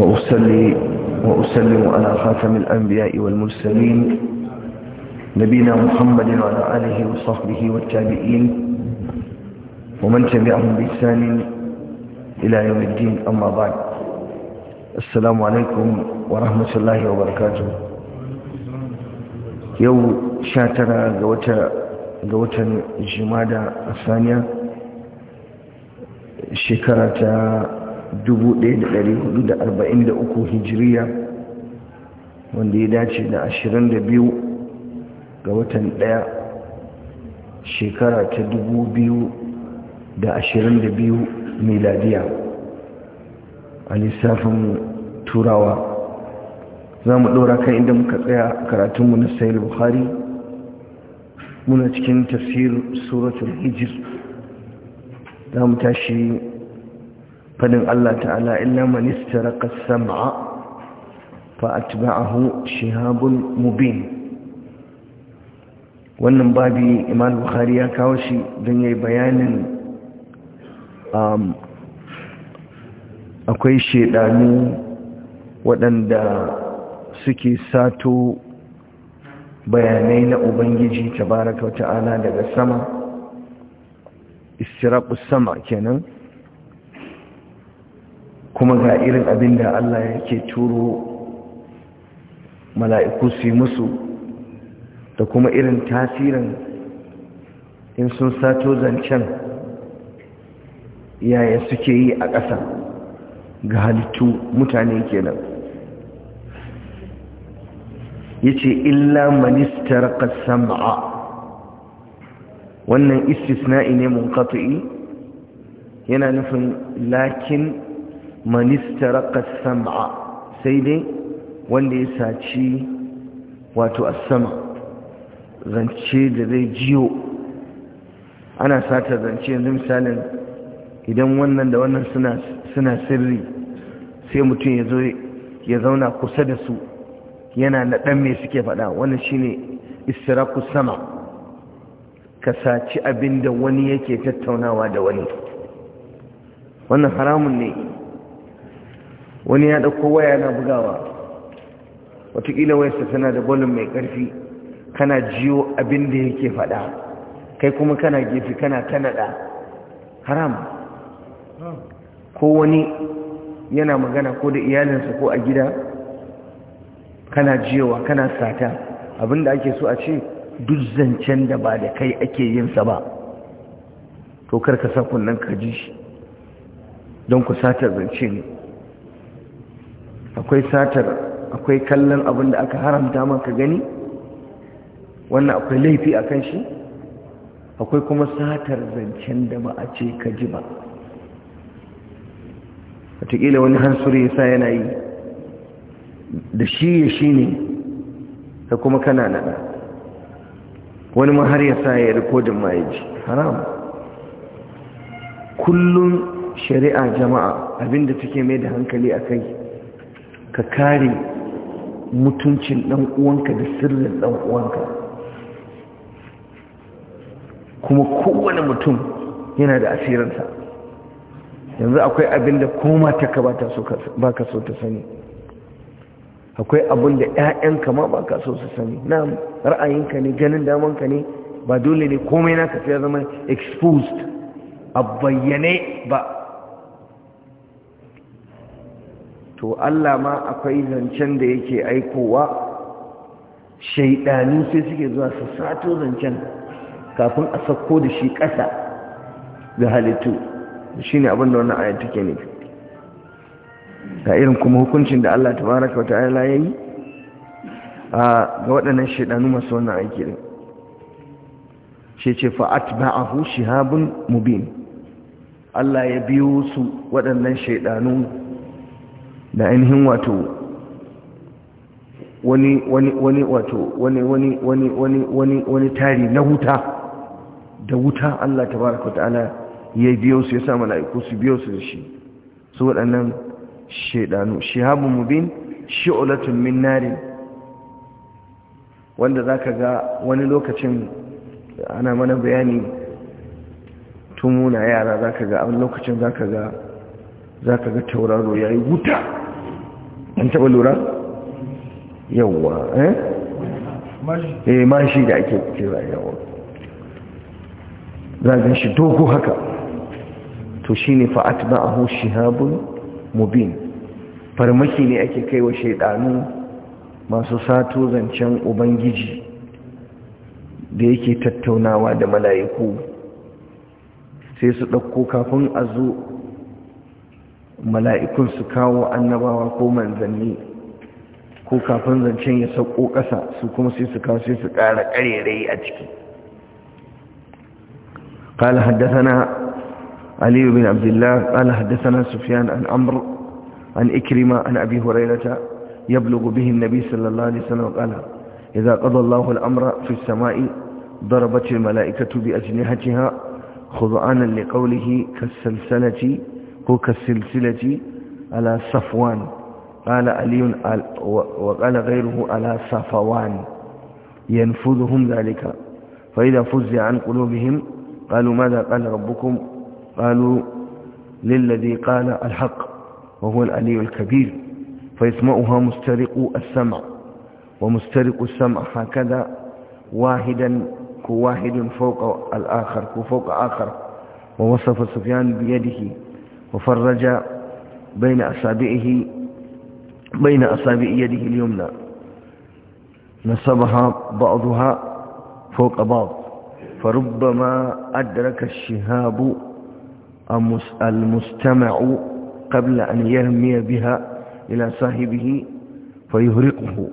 وأصلي وأسلم على خاتم الأنبياء والمرسلين نبينا محمد وعلى آله وصحبه والتابعين ومن تبعهم بإحسان إلى يوم الدين أما بعد السلام عليكم ورحمة الله وبركاته يوم شاتنا قوتا جمادة الثانية شكرة 1443 hijiriya wanda ya dace da 22 ga watan 1 shekara ta 2022 miladiya a lissafin turawa za mu ɗora kan inda muka tsaya karatunmu na sayar buhari muna cikin tafsir suratul hijir za mu tashi fadin Allah ta'ala Ina man istaraqa as-sam'a shihabun mubin wannan babi imam bukhari ya kawo shi don yayi bayanin akwai shaidanu waɗanda suke sato bayanai na ubangiji tabaraka ta'ala daga sama istiraƙus sama kenan kuma ga irin abin da Allah yake turo mala'iku su musu da kuma irin tasirin in sun sato zancen yaya suke yi a ƙasa ga halittu mutane kenan ya ce illa manistar ƙasar ma'a wannan istisna'i ne mun yana nufin lakin manistaraka sam'a sai dai wanda ya saci wato sama zance da zai jiyo ana sata zance yanzu misalin idan wannan da wannan suna sirri sai mutum ya zo ya zauna kusa da su yana na ɗan mai suke faɗa wannan shine istiraku sama ka saci abin da wani yake tattaunawa da wani wannan haramun ne wani ya ɗauko waya na bugawa watakila wayarsa tana da bolin mai ƙarfi kana jiyo abin da yake faɗa kai kuma kana gefe kana kanada haram ko wani yana magana ko da iyalinsa ko a gida kana jiyowa kana sata abin da ake so a ce duk zancen da ba da kai ake yinsa ba to karka sa kunnen ka ji shi don ku sata zance ne akwai satar akwai kallon abin da aka haramta maka gani wannan akwai laifi a kan shi akwai kuma satar zancen da ba a ce ka ji ba wataƙila wani hansuri ya sa yana yi da shi ya shi ne da kuma kana nada wani ma har ya sa ya rikodin ma haram kullum shari'a jama'a abinda take mai da hankali a kai ka kare mutuncin ɗan uwanka da sirrin ɗan uwanka kuma kowane mutum yana da asirinsa yanzu akwai abin da koma ta ka ba ka so ta sani akwai abin da 'ya'yanka ma ba ka so su sani na ra'ayinka ne ganin damanka ne ba dole ne komai na ka sai zama exposed a bayyane ba to Allah ma akwai zancen da yake aikowa shaidani sai suke zuwa su sato zancen kafin a sako da shi ƙasa ga halittu shi ne abinda wannan ayyanta ke ne ga irin kuma hukuncin da Allah ta baraka wa ayyala yayi yi ga waɗannan shaidanu masu wannan aiki ne shi ce fa atba'ahu shihabun mubin Allah ya biyo su waɗannan shaidanu da ainihin wato wani wani wani wato wani wani wani wani wani wani tari na wuta da wuta Allah tabaraka ta'ala ya biyo su ya sa mala'iku su biyo su da shi su waɗannan shaidanu shihabun mubin shi'ulatun min narin wanda zaka ga wani lokacin ana mana bayani tun muna yara zaka ga a lokacin zaka ga za ka ga tauraro ya yi wuta an taɓa lura? yawwa eh? eh mashi da ake cewa yawwa za shi dogo haka to shi ne fa'at ba a hoshi habun mubin farmaki ne ake kai wa shaidanu masu sato zancen ubangiji da yake tattaunawa da mala'iku sai su ɗauko kafin a zo mala'ikun سكاو kawo وقوما ko manzanni ko kafin zancen ya sauko ƙasa su kuma sai su kawo sai قال حدثنا علي بن عبد الله قال حدثنا سفيان عن عمرو عن إكرمة عن أبي هريرة يبلغ به النبي صلى الله عليه وسلم قال إذا قضى الله الأمر في السماء ضربت الملائكة بأجنحتها خضعانا لقوله كالسلسلة هو كالسلسلة على صفوان قال علي وقال غيره على صفوان ينفذهم ذلك فإذا فزع عن قلوبهم قالوا ماذا قال ربكم قالوا للذي قال الحق وهو العلي الكبير فيسمعها مسترق السمع ومسترق السمع هكذا واحدا كواحد فوق الآخر كفوق آخر ووصف سفيان بيده وفرج بين أصابعه بين أصابع يده اليمنى نصبها بعضها فوق بعض فربما أدرك الشهاب المستمع قبل أن يرمي بها إلى صاحبه فيهرقه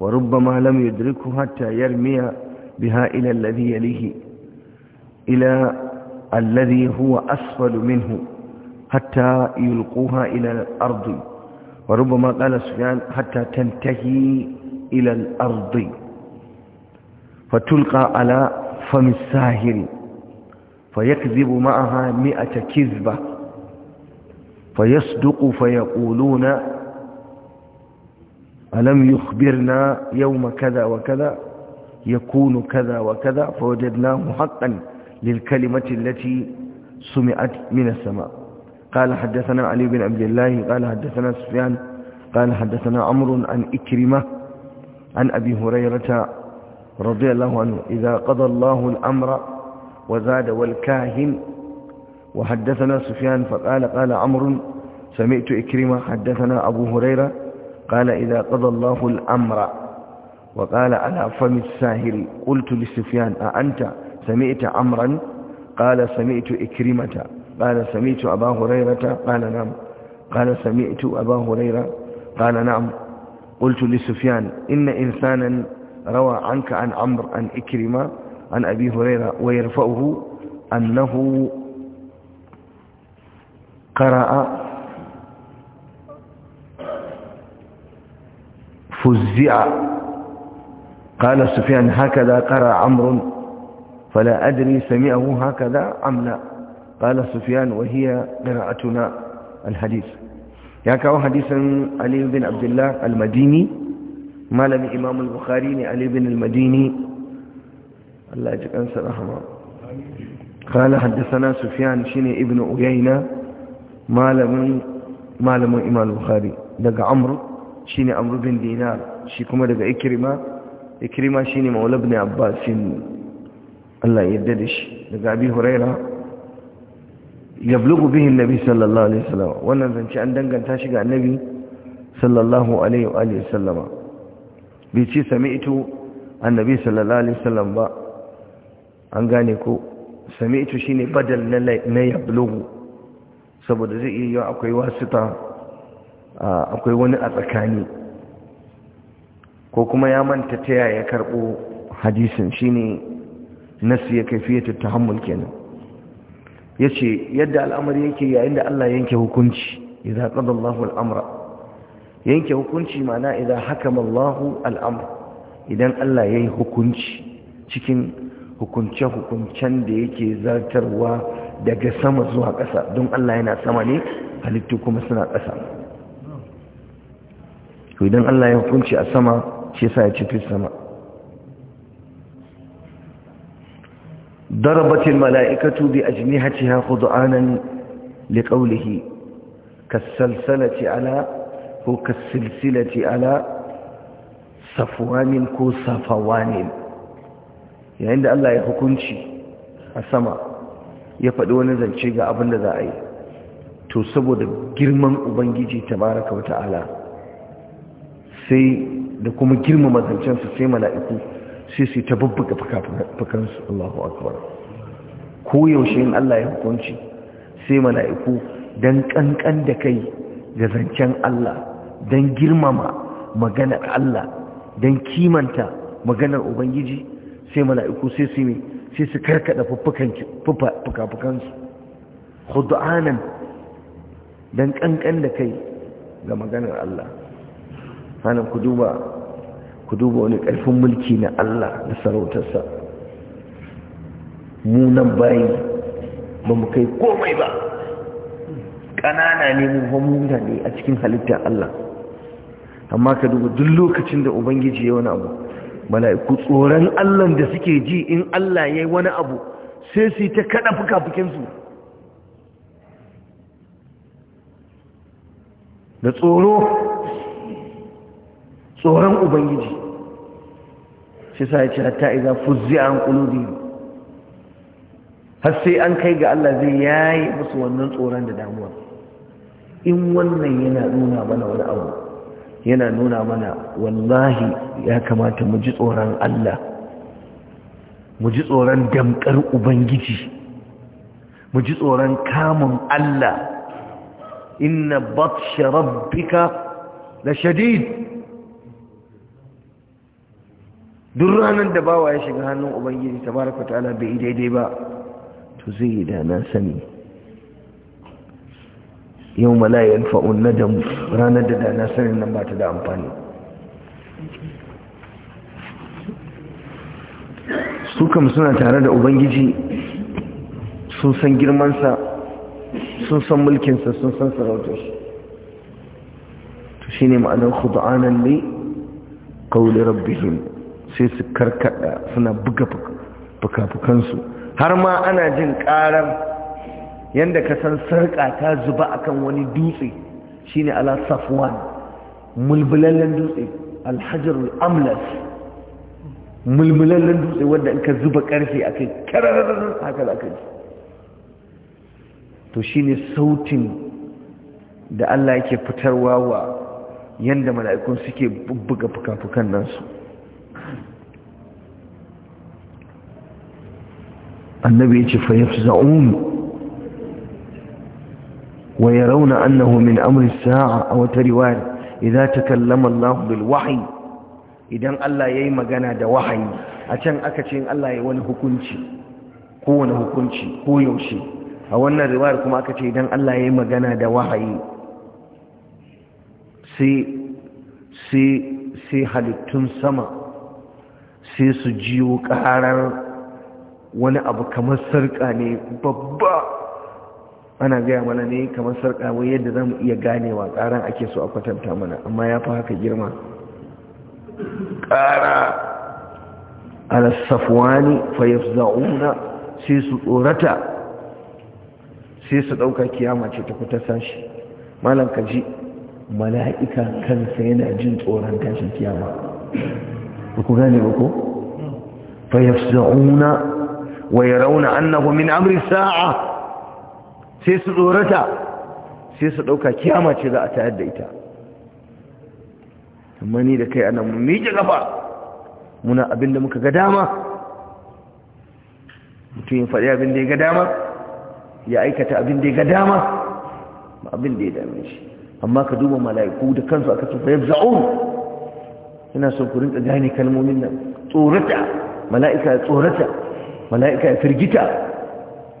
وربما لم يدركه حتى يرمي بها إلى الذي يليه إلى الذي هو أسفل منه حتى يلقوها إلى الأرض وربما قال سفيان حتى تنتهي إلى الأرض فتلقى على فم الساهر فيكذب معها مئة كذبة فيصدق فيقولون ألم يخبرنا يوم كذا وكذا يكون كذا وكذا فوجدناه حقا للكلمة التي سمعت من السماء قال حدثنا علي بن عبد الله قال حدثنا سفيان قال حدثنا أمر عن إكرمة عن أبي هريرة رضي الله عنه إذا قضى الله الأمر وزاد والكاهن وحدثنا سفيان فقال قال عمرو سمعت إكرمة حدثنا أبو هريرة قال إذا قضى الله الأمر وقال على فم الساهر قلت لسفيان أأنت سمعت عمرا قال سمعت إكرمة قال سمعت أبا هريرة قال نعم قال سمعت أبا هريرة قال نعم قلت لسفيان إن إنسانا روى عنك عن عمرو عن إكرم عن أبي هريرة ويرفعه أنه قرأ فزع قال سفيان هكذا قرأ عمرو فلا أدري سمعه هكذا أم لا قال سفيان وهي قراءتنا الحديث ya kawo hadisan aliyu bin abdullah al-madini malamin imam bukhari ne aliyu bin al-madini Allah ya kansa rahama kala haddasana sufyan shine ibn uyayna malamin malamin imam al-bukhari daga amr shine amr dinar shi kuma daga ikrima ikrima shine maula ibn abbas Allah ya yarda da shi daga abi yablughu bihin annabi sallallahu alaihi wasallam wannan zance an danganta shi ga annabi sallallahu alaihi bai ce sami'tu annabi sallallahu alaihi wasallam ba an gane ko sami'tu shine badal na yablughu saboda zai iya akwai wasita akwai wani a tsakani ko kuma ya manta ta yaya karbo hadisin shine nasu ya kaifiyatu tahammul kenan yace yadda al'amari yake yayin da Allah yanke hukunci idza qada Allahu al'amura. yanke hukunci ma'ana idza hakama Allahu al'amra idan Allah yayi hukunci cikin hukunce hukuncen da yake zartarwa daga sama zuwa ƙasa don Allah yana sama ne halittu kuma suna ƙasa idan Allah ya hukunci a sama shi yasa ya ci sama ضربت الملائكة بأجنحتها خضعانا لقوله كالسلسلة على هو كالسلسلة على صفوان كو صفوان يعني عند الله يحكمشي السماء يفدي wani zance ga abin da za a yi to saboda girman ubangiji tabaraka wata'ala sai da kuma sai sai ta bubbuga fukansu Allahu akbar ko yaushe in Allah ya hukunci sai mala'iku don kankan da kai ga zancen Allah don girmama maganar Allah don kimanta maganar ubangiji sai mala'iku sai su ne sai su karkada fukafukansu fukansu hudu'anan don kankan da kai ga maganar Allah hannun ku duba ku duba wani ƙarfin mulki na Allah da sarautarsa mu nan bayi ba mu kai komai ba ƙanana ne mu muna ne a cikin halittar Allah amma ka duba duk lokacin da ubangiji ya wani abu mala'iku tsoron Allah da suke ji in Allah ya yi wani abu sai su yi ta kaɗa fuka-fukinsu da tsoro tsoron ubangiji shi sa ya ce hatta iza fuzzi'a an qulubi har sai an kai ga Allah zai yayi musu wannan tsoron da damuwa in wannan yana nuna mana wani abu yana nuna mana wallahi ya kamata mu ji tsoron Allah mu ji tsoron damkar ubangiji mu ji tsoron kamun Allah inna batsha rabbika la shadid duk ranar da bawa ya shiga hannun ubangiji ta tabaraka ta'ala bai daidai ba to zai yi da na sani yau malayan fa'un na damu ranar da na sani nan ba ta da amfani su kam suna tare da ubangiji sun san girmansa sun san mulkinsa sun san sarautar to shi ne ma'anar khudu'anan ne rabbi rabbihim sai su karkada suna buga fuka har ma ana jin karar yadda ka san sarƙa ta zuba akan wani dutse shine ala safwan mulmulallen dutse alhajarul amlas mulmulallen dutse wadda in ka zuba karfe a kai kararrarar haka za ka ji to shine sautin da Allah yake fitarwa wa yadda mala'ikun suke buga fuka-fukan annabi ya ce fa yafza'un wa yarawna annahu min amri sa'a a wata riwaya idza takallama Allah bil wahyi idan Allah yayi magana da wahayi a can aka ce in Allah yayi wani hukunci ko wani hukunci ko yaushe a wannan riwayar kuma aka ce idan Allah yi magana da wahayi sai sai halittun sama sai su jiwo ƙarar wani abu kamar sarƙa ne babba ana gaya mana ne kamar sarƙa wai yadda za mu iya ganewa ƙaran ake so a kwatanta mana amma ya fi haka girma ƙara alasafuwani alasafwani za'una sai su tsorata sai su ɗauka kiyama ce ta kuta sashi malam ka ji mala'ika kansa yana jin tsoron tashin kiyama ba ku gane ba ko za'una Wai rauna annahu min amri sa'a sai su tsorata sai su ɗauka kiyama ce za a tayar da ita amma da kai anan mun miƙe kafa muna da muka ga dama mutum ya faɗi da ya ga dama ya aikata abin da ya ga dama abin da ya dame shi amma ka duba mala'iku da kansu aka tufa ya za'un yana son ku rinka gane kalmomin nan tsorata mala'ika tsorata mala'ika ya firgita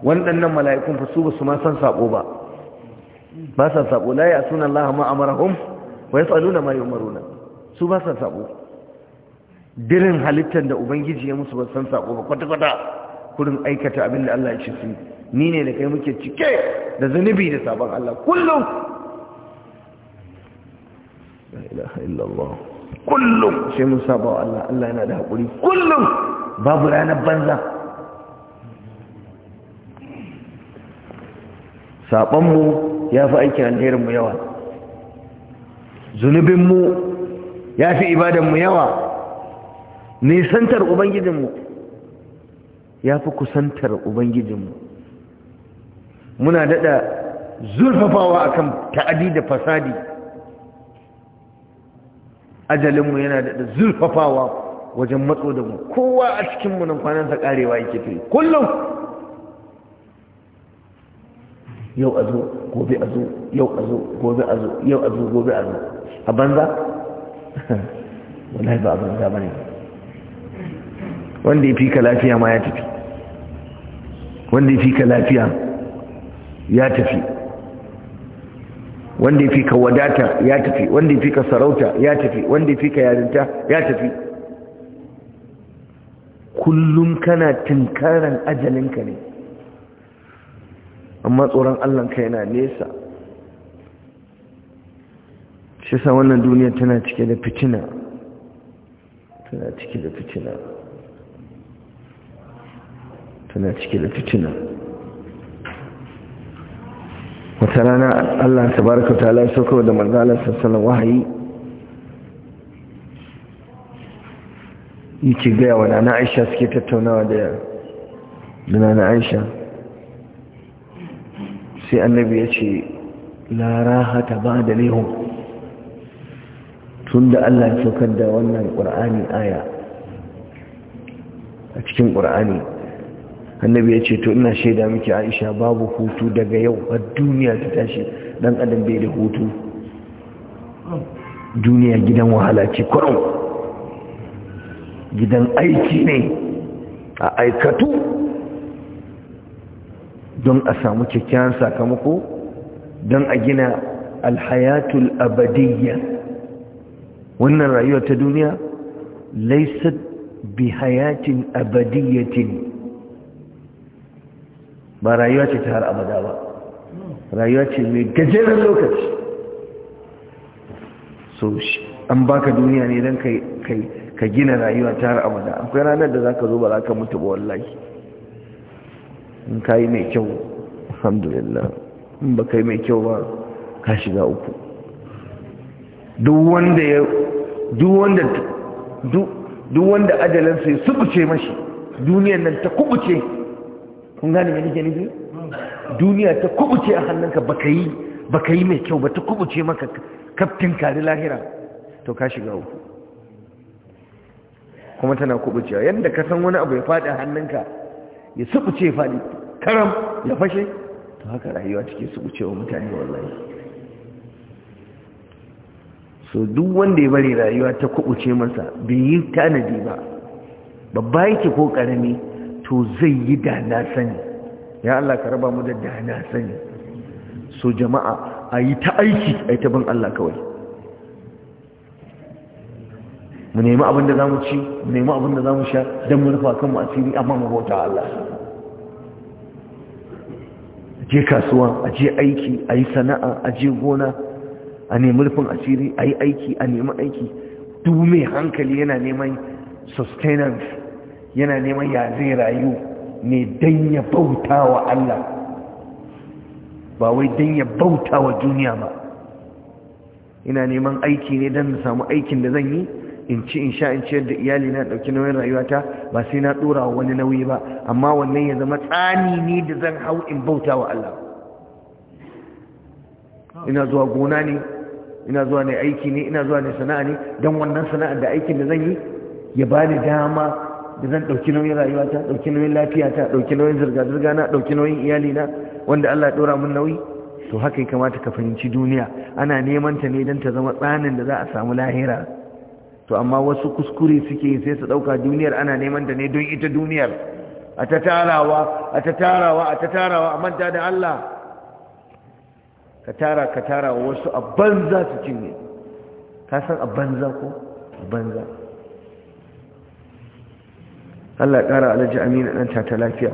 waɗannan mala'ikun fa su ba su ma san sabo ba ba san sabo la ya sunan Allah ma amarahum wa yasaluna ma yumaruna su ba san sabo dirin halittar da ubangiji ya musu ba san sabo ba kwata kwata kurin aikata abin da Allah ya ce su ni ne da kai muke cike da zunubi da sabon Allah kullum kullum sai mun saba wa Allah Allah yana da hakuri kullum babu ranar banza saɓonmu ya fi aikin mu yawa zunubinmu ya fi mu yawa nisantar ubangijinmu ya fi kusantar ubangijinmu muna daɗa zurfafawa akan ta'adi da fasadi ajalinmu yana daɗa zurfafawa wajen matso da mu kowa a cikinmu nan kwanansa ƙarewa yake fi kullum yau a zo gobe a zo yau a zo gobe a zo yau a zo gobe a zo a banza wallahi ba a banza ba ne wanda ya fi ka lafiya ma ya tafi wanda ya fi ka lafiya ya tafi wanda ya fi ka wadata ya tafi wanda ya fi ka sarauta ya tafi wanda ya fi ka yarinta ya tafi kullum kana tunkaran ajalinka ne amma tsoron allon ka yana nesa shi sa wannan duniya tana cike da fitina tana cike da fitina tana cike da fitina wata rana allah ta baraka ta ala sauka da manzala sassanin wahayi yake gaya wa na aisha suke tattaunawa da na aisha sai annabi ya ce laraha ta ba da lehun tun da Allah ya saukar da wannan ƙur'ani aya a cikin ƙur'ani annabi ya ce to ina shaida miki aisha babu hutu daga yau a duniya ta tashi dan adam bai da hutu duniya gidan wahala ce kwaron gidan aiki ne a aikatu don a samu kyakkyawan sakamako don a gina alhayatul abadiyya wannan rayuwa ta duniya laisat bi hayatin abadiyyatin ba rayuwa ce ta har abada ba rayuwa ce mai gajeren lokaci so shi an baka duniya ne don ka gina rayuwa ta har abada akwai ranar da za ka zo ba za ka mutu ba wallahi in ka yi mai kyau alhamdulillah in ba ka yi mai kyau ba ka shiga uku duk wanda ya suku ce ya mashi duniyar nan ta kubuce kun gane mai nike nufi duniya ta kubuce a hannunka baka yi baka yi mai kyau ba ta kubuce maka kaftin kari lahira to ka shiga uku kuma tana kubucewa yadda ka san wani abu ya faɗi a hannunka ya subuce fadi karam ya fashe to haka rayuwa take wa mutane wallahi so duk wanda ya bari rayuwa ta kubuce masa bai yi tanadi ba babba yake ko karami to zai yi dana sani ya Allah ka raba mu da dana sani so jama'a a yi ta aiki a ta bin Allah kawai mu nemi abin da za mu ci mu nemi abin da za mu sha don mu rufa kanmu asiri amma mu bauta Allah je kasuwa a je aiki a yi sana'a a je gona a nemi rufin asiri a yi aiki a nemi aiki duk mai hankali yana neman sustenance yana neman ya zai rayu ne don ya bauta wa Allah ba wai don ya bauta wa duniya ba ina neman aiki ne don samu aikin da zan yi in ci in sha in ciyar da iyali na ɗauki nauyin rayuwata ba sai na ɗora wa wani nauyi ba amma wannan ya zama tsani ne da zan hau in bauta wa Allah ina zuwa gona ne ina zuwa ne aiki ne ina zuwa ne sana'a ne don wannan sana'ar da aikin da zan yi ya ba ni dama da zan ɗauki nauyin rayuwata ɗauki nauyin lafiyata ɗauki nauyin zirga-zirga na ɗauki nauyin iyali na wanda Allah ya ɗora min nauyi to haka ya kamata ka fahimci duniya ana neman ta ne don ta zama tsanin da za a samu lahira to amma wasu kuskure suke yi sai su ɗauka duniyar ana neman da ne don ita duniyar a ta tarawa a ta tarawa a ta tarawa a manta da Allah ka tara ka tara wasu a banza su cinye ka san a banza ko a banza Allah ƙara alhaji amina ɗan ta lafiya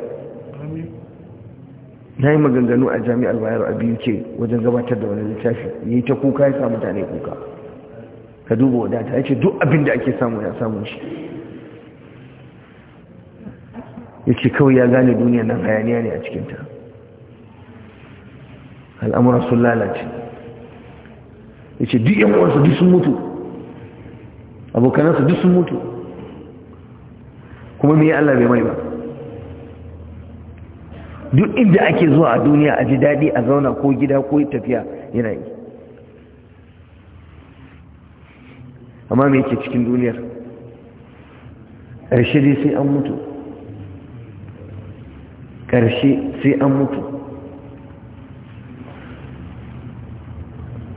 na yi maganganu a jami'ar bayar a biyu wajen gabatar da wani littafi Ya yi ta kuka ya sa mutane kuka ka duba wadata ya ce duk abin da ake samu ya samu shi ya ce kawai ya gane duniya nan hayaniya ne a cikinta al'amuran sun lalace ya ce duk yan uwansa duk sun mutu abokanansa duk sun mutu kuma mai Allah bai mai ba duk inda ake zuwa a duniya a ji daɗi a zauna ko gida ko tafiya yana yi amma me yake cikin duniyar ƙarshe dai sai an mutu ƙarshe sai an mutu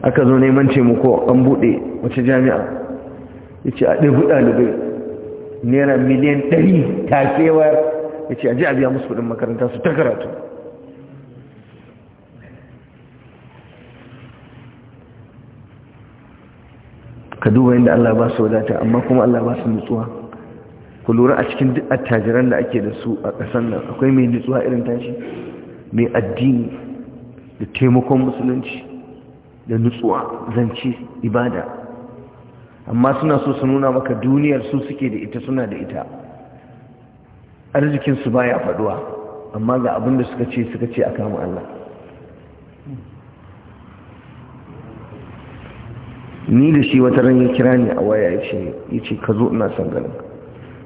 aka zo neman taimako an buɗe wace jami'a ya ce a ɗaifu ɗalibai naira miliyan ɗari ta kewar ya ce a ji a biya musu kuɗin makaranta su ta karatu ka duba inda Allah ba su wadata amma kuma Allah ba su nutsuwa ku lura a cikin duk attajiran da ake da su a ƙasar nan akwai mai nutsuwa irin tashi mai addini da taimakon musulunci da nutsuwa zance ibada amma suna so su nuna maka duniyar su suke da ita suna da ita arzikinsu baya faɗuwa, amma ga abin da suka ce suka ce a kama Allah ni da shi wata ran ya kira ni a waya ya ce ka zo ina son ganin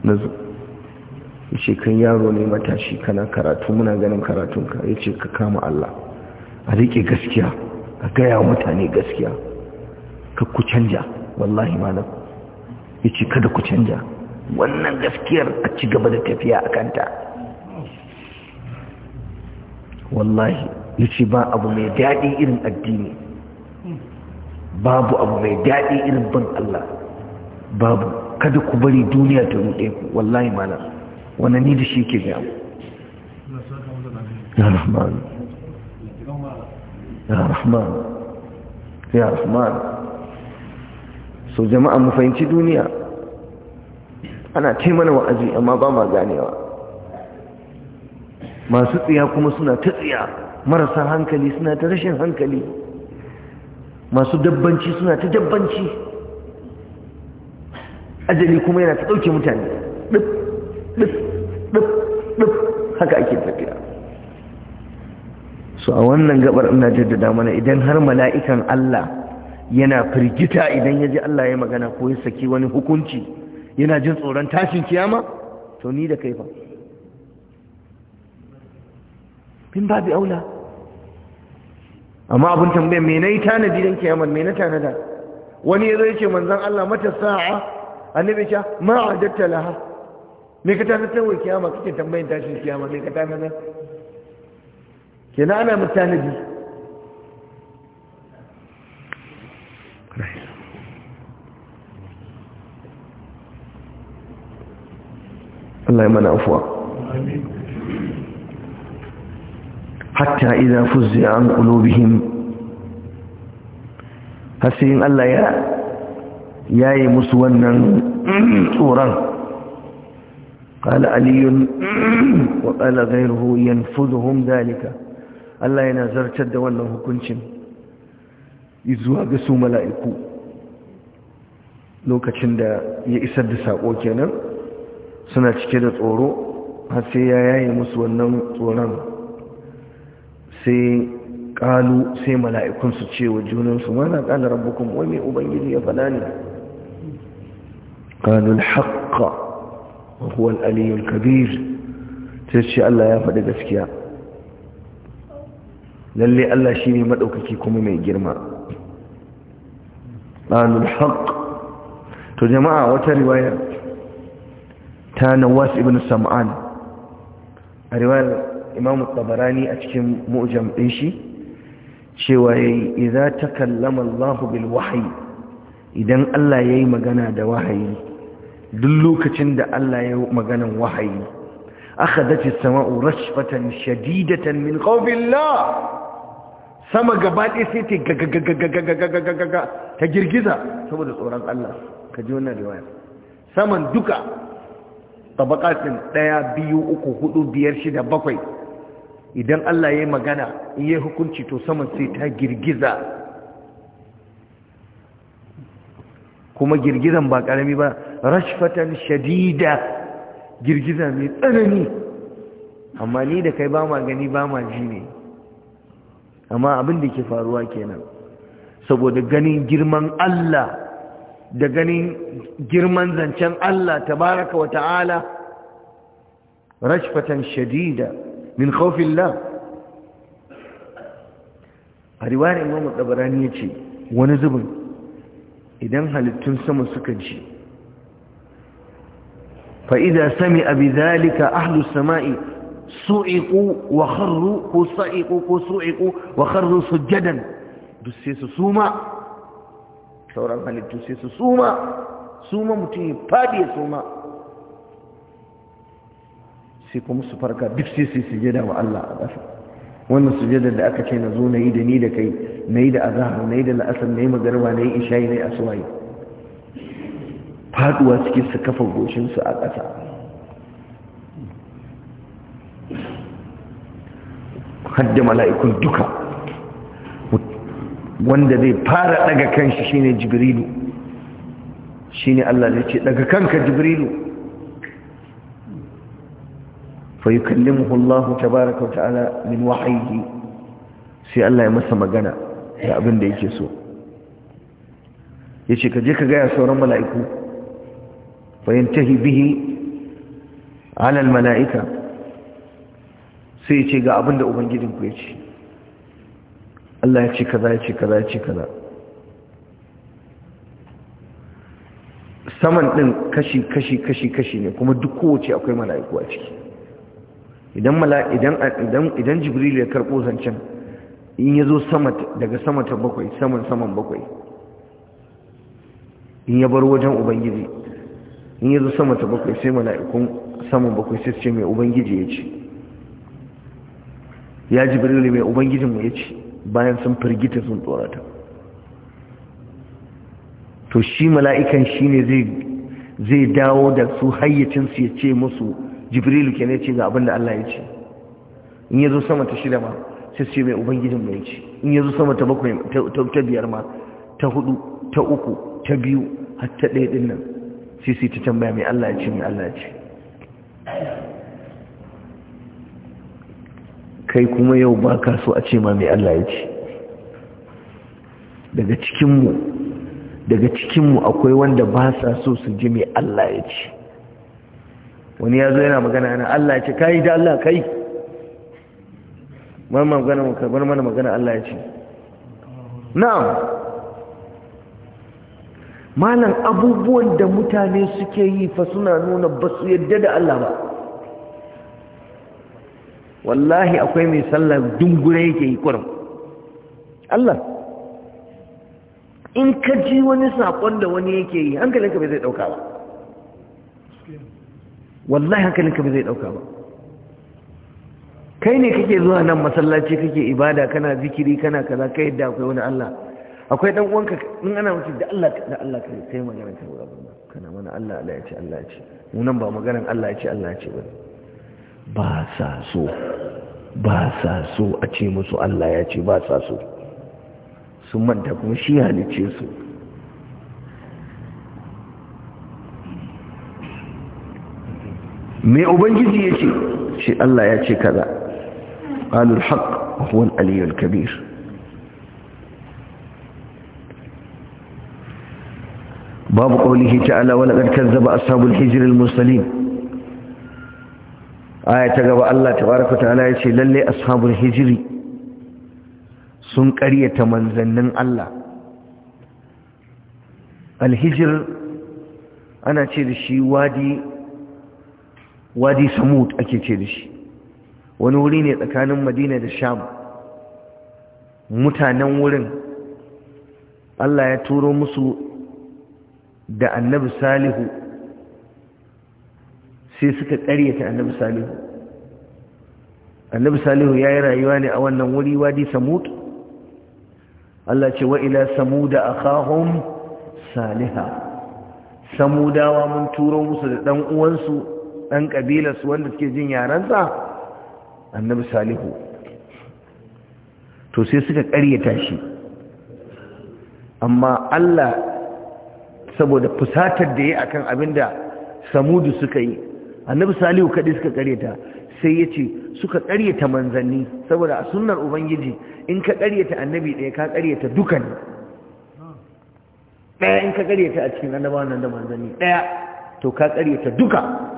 na zo ya ce kan yaro ne matashi kana karatu muna ganin karatunka ya ce ka kama Allah a riƙe gaskiya a gaya mutane gaskiya ka ku canja wallahi malam ya ce kada ku canja wannan gaskiyar a ci gaba da tafiya a kanta wallahi ya ce ba abu mai daɗi irin addini babu abu mai daɗi irin ban Allah babu kada ku bari duniya ta ruɗe ku wallahi malam wani ni da shi ke ga mu ya rahman ya rahman ya rahman so jama'a mu fahimci duniya ana ce mana wa'azi amma ba ma ganewa masu tsiya kuma suna ta tsiya marasa hankali suna ta rashin hankali masu dabbanci suna ta dabbanci ajali kuma yana ta ɗauke mutane ɗif ɗif ɗif ɗif haka ake tafiya so a wannan gabar ina jaddada mana idan har mala'ikan Allah yana firgita idan ya ji Allah ya magana ko ya saki wani hukunci yana jin tsoron tashin kiyama to ni da kaifa bin babu aula amma abin tambayar me na yi tanadi don kiyamar me na tanada wani ya zai ce manzan Allah mata sa'a annabi ce ma a datta laha me ka tanadar wai kiyama kake tambayin tashin kiyama me ka tanadar kenan ana mu tanadi Allah ya mana afuwa. Amin. hatta idza fuzza an qulubihim hasirin Allah ya yayi musu wannan tsoron qala aliyun wa qala ghayruhu yanfuzuhum dhalika Allah yana zartar da wannan hukuncin zuwa ga su mala'iku lokacin da ya isar da saƙo kenan suna cike da tsoro har sai ya yaye musu wannan tsoron sai kalu sai mala'ikun su ce wa junansu mana kala rabbukum wai mai ubangiji ya fada ne kalu alhaqqa wa huwa al-aliyyul kabir sai ce Allah ya faɗi gaskiya lalle Allah shi shine madaukaki kuma mai girma qalu alhaq to jama'a wata riwaya ta na wasu ibn Sam'an a riwayar imamu tabarani a cikin mu'jam ɗin shi cewa yayi idza takallama Allahu bil wahayi idan Allah yayi magana da wahayi duk lokacin da Allah yayi maganan wahayi aka dace samau rashfatan shadidatan min khawfillah sama gaba ɗaya sai ta gagagagagagagagaga ta girgiza saboda tsoron Allah ka ji wannan riwaya saman duka tabakatin ɗaya biyu uku hudu biyar shida bakwai idan Allah ya yi magana in ya yi hukunci to saman sai ta girgiza kuma girgizan ba karami ba rashfatan shadida girgiza mai tsanani amma ni da kai ba ma gani ba ma ji ne amma abin da ke faruwa kenan saboda ganin girman Allah da ganin girman zancen Allah tabaraka wa ta'ala rashfatan shadida min khawfillah a riwayar imam tabarani yace wani zubin idan halittun sama suka ji fa idza sami'a bidhalika ahlu samai su'iqu wa kharru ko sa'iqu ko su'iqu wa su jadan. duk sai su suma sauran halittu sai su suma suma mutum ya fadi ya suma sai kuma su farka duk sai su sujada wa Allah a ƙasa wannan sujada da aka ce na zo na yi da ni da kai na yi da azahar na yi da la'asar na yi magarba na yi ishayi na yi asuwayi faduwa suke su kafa goshinsu a ƙasa hadda mala'ikun duka wanda zai fara daga kanshi shine jibrilu shine Allah zai ce daga kanka jibrilu فيكلمه الله تبارك وتعالى من وحيه سي الله يمسى مغانا يا ابن da yake so yace kaje ka gaya sauran mala'iku fayantahi bihi ala almala'ika sai yace ga abinda ubangijin ku yace Allah ya ce kaza ya ce kaza ya ce kaza saman ɗin kashi kashi kashi kashi ne kuma duk kowace akwai mala'iku a ciki idan mala idan idan idan jibril ya karbo zancen in yazo sama daga sama ta bakwai saman saman bakwai in ya bar wajen ubangiji in yazo sama ta bakwai sai mala'ikun saman bakwai sai ce mai ubangiji ya ce ya jibril mai ubangijin mu ya ce bayan sun firgita sun tsorata to shi mala'ikan shine zai zai dawo da su hayyacinsu ya ce musu jibrilu ke ne ce ga abin da Allah ya ce in ya zo sama ta shida ma sai ce mai ubangijin mai ce in ya zo sama ta bakwai ta biyar ma ta hudu ta uku ta biyu har ta ɗaya ɗin nan sai sai ta tambaya mai Allah ya ce mai Allah ya ce kai kuma yau ba ka so a ce ma mai Allah ya ce daga cikinmu daga cikinmu akwai wanda ba sa so su ji mai Allah ya ce wani ya zo yana magana ana Allah ya ce kai da Allah kai bar magana mu karbar mana magana Allah ya ce na'am malam abubuwan da mutane suke yi fa suna nuna ba su yadda da Allah ba wallahi akwai mai sallah dungure yake yi kurum Allah in ka ji wani sakon da wani yake yi hankalinka bai zai dauka ba wallahi hankalinka ba zai dauka ba kai ne kake zuwa nan masallaci kake ibada kana zikiri kana kaza kai yadda akwai wani Allah akwai dan uwanka in ana mutu da Allah da Allah kai sai magana ta wurin Allah kana mana Allah Allah ya ce Allah ya ce mu nan ba maganar Allah ya ce Allah ya ce ba ba sa so ba sa so a ce musu Allah ya ce ba sa so sun manta kuma shi halice su mai ubangiji ya ce shi Allah ya ce kaza alul haq huwa aliyul kabir babu qawlihi ta'ala wa laqad kazzaba ashabul hijr al mursalin aya ta gaba Allah tabaaraka ala ya ce lalle ashabul hijiri sun ƙaryata manzannin Allah al ana ce da shi wadi wadi samud ake ce da shi wani wuri ne tsakanin madina da sham mutanen wurin Allah ya turo musu da annabi salihu sai suka karyata annabi salihu annabi salihu ya yi rayuwa ne a wannan wuri wadi samud Allah ce wa ila samuda kahun saliha samudawa mun turo musu da dan uwansu ɗan ƙabilarsu wanda suke jin yarensa annabi salihu to sai suka ƙaryata shi amma Allah saboda fusatar da ya akan abin da samudu suka yi annabi salihu kaɗai suka ƙaryata sai ya ce suka ƙaryata manzanni saboda a sunar ubangiji in ka ƙaryata annabi ɗaya ka ƙaryata dukan ɗaya in ka ƙaryata a cikin annabawan nan da manzanni ɗaya to ka ƙaryata duka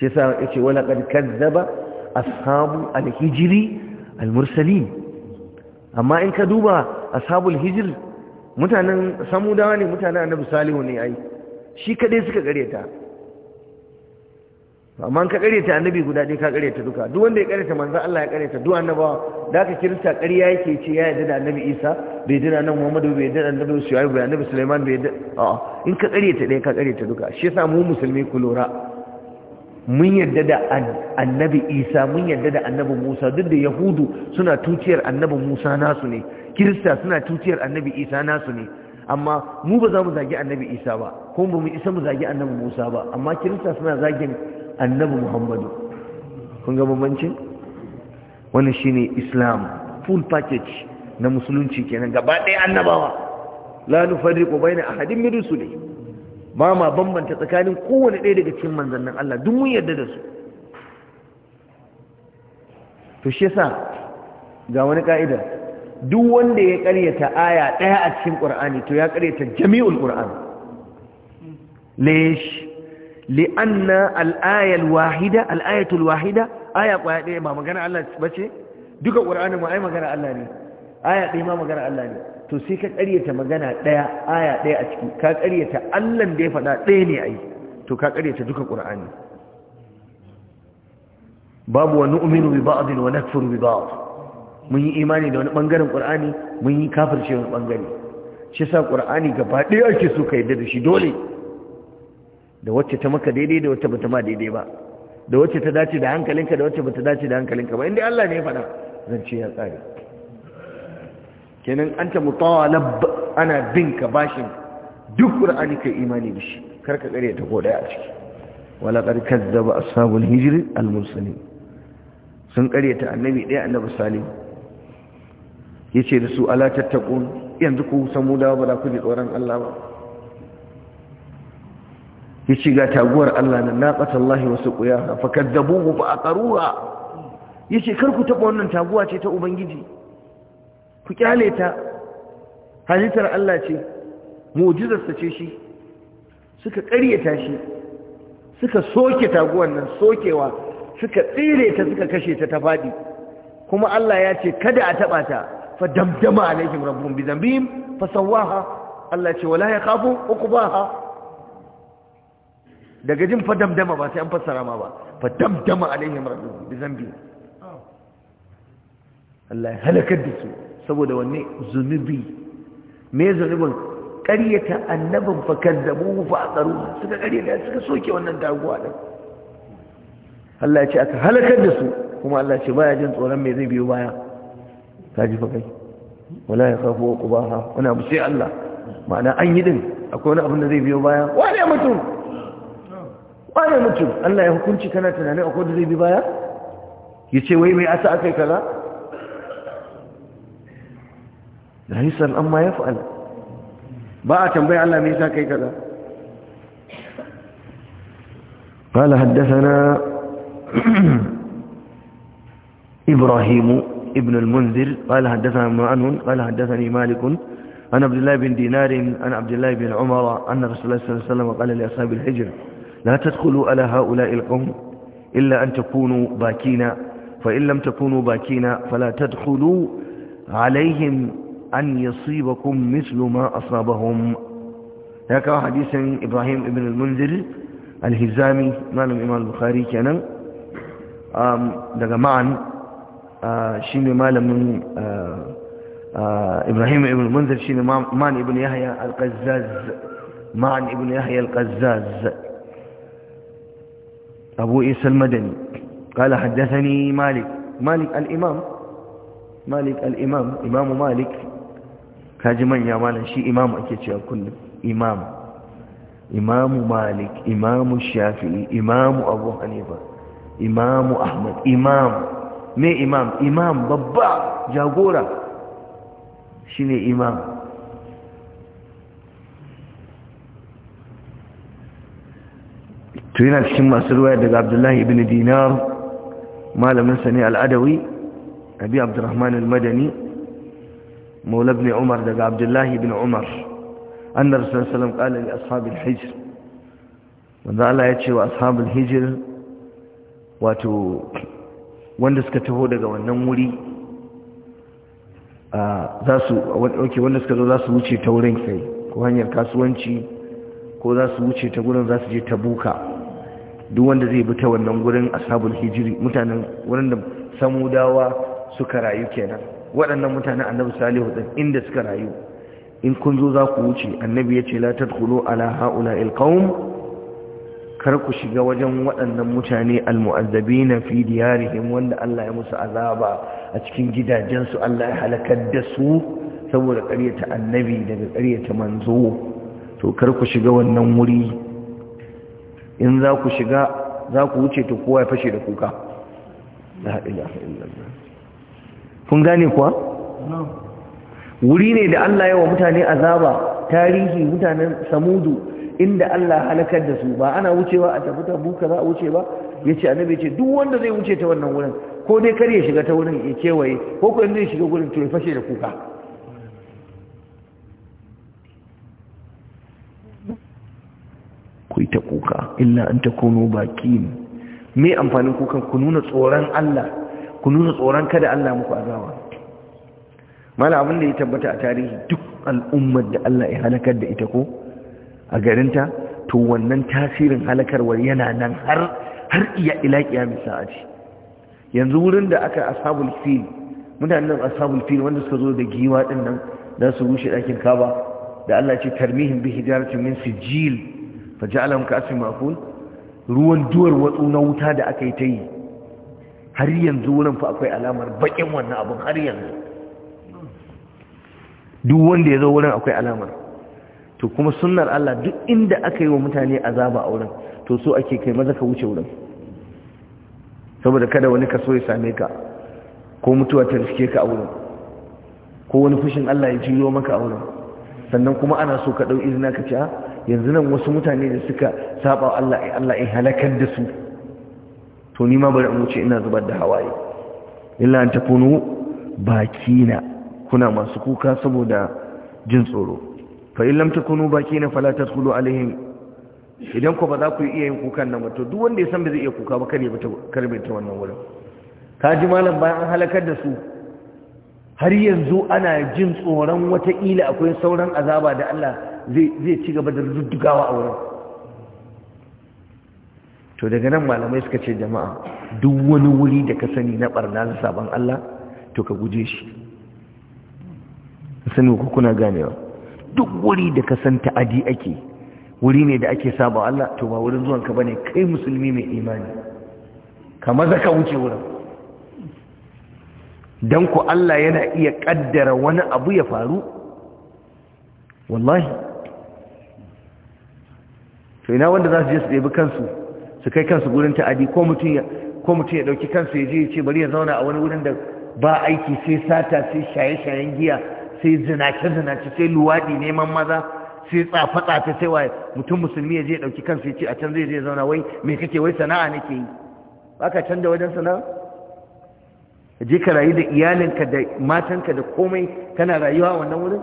shi yasa yace wala kad kazzaba ashabu al-hijri al-mursalin amma in ka duba ashabul hijr mutanen samudawa ne mutanen annabi salihu ne ai shi kade suka gareta amma ka kareta annabi guda ɗaya ka kareta duka duk wanda ya kareta manzo Allah ya kareta duk annabawa da aka kirista ƙarya yake ce ya yarda da annabi Isa bai yarda da annabi Muhammadu bai yarda da annabi Shu'aib bai annabi Sulaiman bai yarda a'a in ka kareta ɗaya ka kareta duka shi yasa mu musulmi ku lura mun yarda da annabi isa mun yarda da annabi musa duk da yahudu suna tuciyar annabi musa nasu ne kirista suna tuciyar annabi isa nasu ne amma mu ba za mu zagi annabi isa ba ko ba mu isa mu zagi annabi musa ba amma kirista suna zagin annabi muhammadu kun ga bambancin wannan shine islam full package na musulunci kenan gaba ɗaya annabawa la nufarriqu baina ahadin min rusuli ba ma bambanta tsakanin kowane ɗaya daga cikin manzannin Allah duk mun yarda da su to shi yasa ga wani ka'ida duk wanda ya karyata aya ɗaya a cikin Qur'ani to ya karyata jami'ul Qur'an lish li'anna al wahida wahida aya ƙwaya ɗaya ba magana Allah bace duka Qur'ani ma ai magana Allah ne aya ɗaya ma magana Allah ne to sai ka ƙaryata magana ɗaya aya ɗaya a ciki ka ƙaryata allan da ya faɗa ɗaya ne a yi. to ka ƙaryata duka ƙur'ani babu wani uminu bi ba'adin wa nakfuru bi ba'ad mun yi imani da wani ɓangaren ƙur'ani mun yi kafirce wani ɓangare shi sa ƙur'ani gaba ɗaya ake so ka yadda da shi dole da wacce ta maka daidai da wacce bata ma daidai ba da wacce ta dace da hankalinka da wacce bata dace da hankalinka ba inda Allah ne ya faɗa zan ce ya tsare kenan an ta mutalab ana bin ka bashin duk qur'ani kai imani da Kar ka kare ta ko daya a ciki wala qad kazzaba ashabul hijr al mursalin sun kare ta annabi daya annabi salim yace da su ala tattaqun yanzu ku mu da ba ku ji tsoron Allah ba yace ga taguwar Allah na naqatallahi wa suqiyaha fakazzabuhu fa aqaruha yace kar ku taba wannan taguwa ce ta ubangiji ku kyale ta halittar Allah ce mu'jizarsa ce shi suka ƙaryata shi suka soke taguwan nan sokewa suka tsire ta suka kashe ta ta faɗi kuma Allah ya ce kada a taɓa ta fa damdama alaihim rabbuhum bi dhanbihim fa sawaha Allah ce wala yakhafu uqbaha daga jin fa damdama ba sai an fassara ma ba fa damdama alaihim rabbuhum bi dhanbihim Allah ya halakar da su saboda wanne zunubi me zunubin ƙaryata annabin fa kazzabu fa aqaru suka ƙaryata suka soke wannan taguwa din Allah ya ce aka halakar da su kuma Allah ya ce baya jin tsoron me zai biyo baya ka ji fa kai wala ya khafu uqbaha ana bi sai Allah ma'ana an yi din akwai wani abin da zai biyo baya wane mutum wane mutum Allah ya hukunci kana tunanin akwai da zai bi baya yace wai mai asa akai kaza la yusal amma yaf'al ba a tambayi Allah me yasa kai kaza قال حدثنا إبراهيم ابن المنذر قال حدثنا معن قال حدثني مالك عن عبد الله بن دينار عن عبد الله بن عمر أن رسول الله صلى الله عليه وسلم قال لأصحاب الحجر لا تدخلوا على هؤلاء القوم إلا أن تكونوا باكين فإن لم تكونوا باكين فلا تدخلوا عليهم أن يصيبكم مثل ما أصابهم هكا حديث إبراهيم ابن المنذر الهزامي مالم إمام البخاري كان دقا معا آه، شين ne malamin آه، آه، إبراهيم ibn المنذر shi ne ma'an ibn yahya al-qazzaz ma'an ibn yahya al-qazzaz قال حدثني مالك مالك الإمام مالك الإمام إمام مالك kaji manya malam shi imamu ake cewa kullum imamu imamu malik imamu shafi'i imamu abu hanifa imamu ahmad imamu me imam imam babba jagora shi ne imam to yana cikin masu ruwa daga abdullahi ibn dinar malamin sani al'adawi abi abdurrahman al-madani مولى ابن Umar daga Abdullahi bin Umar. عمر أن الرسول صلى الله عليه ya ce wa ashabul hijir wato wanda suka taho daga wannan wuri za su wuce ta wurin sai ko hanyar kasuwanci ko za su wuce ta gurin za su je tabuka duk wanda zai bi ta wannan gurin ashabul hijiri mutanen wurin da samudawa suka rayu kenan waɗannan mutanen annabi salihu din inda suka rayu in kun zo za ku wuce annabi ya ce latar kulo alaha haula ilkaun kar ku shiga wajen waɗannan mutane na fi diyarihim wanda Allah ya musu azaba a cikin gidajensu Allah ya halakar da su saboda ƙaryata annabi daga ƙaryata manzo to kar ku shiga wannan wuri in za ku shiga za ku wuce to kowa ya fashe da kuka la ilaha illallah kun gane kuwa wuri ne da Allah yawa mutane azaba tarihi mutanen samudu inda Allah halakar da su ba ana wucewa a tafi buka za a wuce ba ya ce annabi ce duk wanda zai wuce ta wannan wurin ko dai kar ya shiga ta wurin ya kewaye ko ko in zai shiga wurin to ya fashe da kuka ku ta kuka illa an ta kono baki me amfanin kukan ku nuna tsoron Allah ku nuna tsoron kada Allah muku azawa mala abin da ya tabbata a tarihi duk al'ummar da Allah ya halakar da ita ko a garinta to wannan tasirin halakarwar yana nan har har iya ilaƙiya misa'aji yanzu wurin da aka ashabul fil mutanen ashabul fil wanda suka zo da giwa din nan za su rushe ɗakin kaba da Allah ce tarmihin bi hijaratin min sijil fa ja'alahum ka'asin ruwan duwar watsu na wuta da aka yi ta yi har yanzu wurin fa akwai alamar bakin wannan abin har yanzu duk wanda ya zo wurin akwai alamar to kuma sunnar Allah duk inda aka yi wa mutane azaba a wurin to so ake kai maza ka wuce wurin saboda kada wani kaso ya same ka ko mutuwa ta riske ka a wurin ko wani fushin Allah ya jiyo maka a wurin sannan kuma ana so ka dau izina ka ce ah, yanzu nan wasu mutane da suka saba Allah Allah ya halakar da su to ni ma bari in wuce ina zubar da hawaye illa an kunu bakina kuna masu kuka saboda jin tsoro fa in lam kunu bakina fala tadkhulu alaihim idan ku ba za ku iya yin kukan nan ba to duk wanda ya san ba zai iya kuka ba kare bata karbe ta wannan wurin ka ji malam bayan an halakar da su har yanzu ana jin tsoron ila akwai sauran azaba da Allah zai ci gaba da ruddugawa a wurin to daga nan malamai suka ce jama'a duk wani wuri da ka sani na barna da sabon Allah to ka guje shi sani ku kuna ganewa duk wuri da ka san ta'adi ake wuri ne da ake sabon Allah to ba wurin zuwan ka bane kai musulmi mai imani ka maza ka wuce wurin dan ku Allah yana iya kaddara wani abu ya faru wallahi to ina wanda za su je su ɗebi kansu su kai kansu gurin ta'adi ko mutum ya ɗauki kansu ya je ya ce bari ya zauna a wani wurin da ba aiki sai sata sai shaye-shayen giya sai zinace-zinace sai luwaɗi neman maza sai tsafa-tsafa sai wa mutum musulmi ya je ya ɗauki kansu ya ce a can zai je zauna wai me kake wai sana'a nake yi ba ka can da wajen sana'a je ka rayu da iyalinka da matanka da komai kana rayuwa a wannan wurin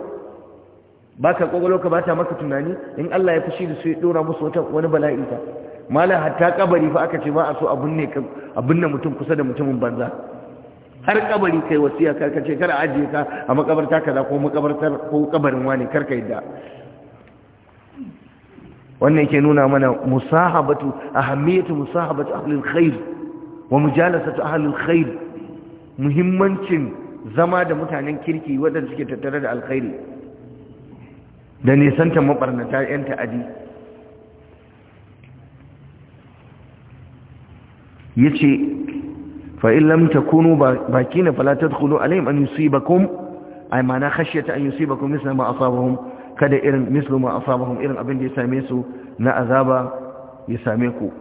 ba ka ƙwaƙwalo ka ba ta maka tunani in Allah ya fushi da su ya ɗora musu wani bala'i ta malam hatta kabari fa aka ce ba a so abun ne abun da mutum kusa da mutumin banza har kabari kai wasiya kar ka ce kar a ajiye ka a makabarta kaza ko makabartar ko kabarin wani kar ka yadda wannan yake nuna mana musahabatu ahammiyatu musahabatu ahlul khair wa mujalasatu ahlul khair muhimmancin zama da mutanen kirki waɗanda suke tattare da alkhairi da nisanta mabarnata 'yan ta'adi yace fa in lam takunu bakina fala tadkhulu alayhim an yusibakum ay mana khashyata an yusibakum misla ma asabahum kada irin mislu ma asabahum irin abin da ya same su na azaba ya same ku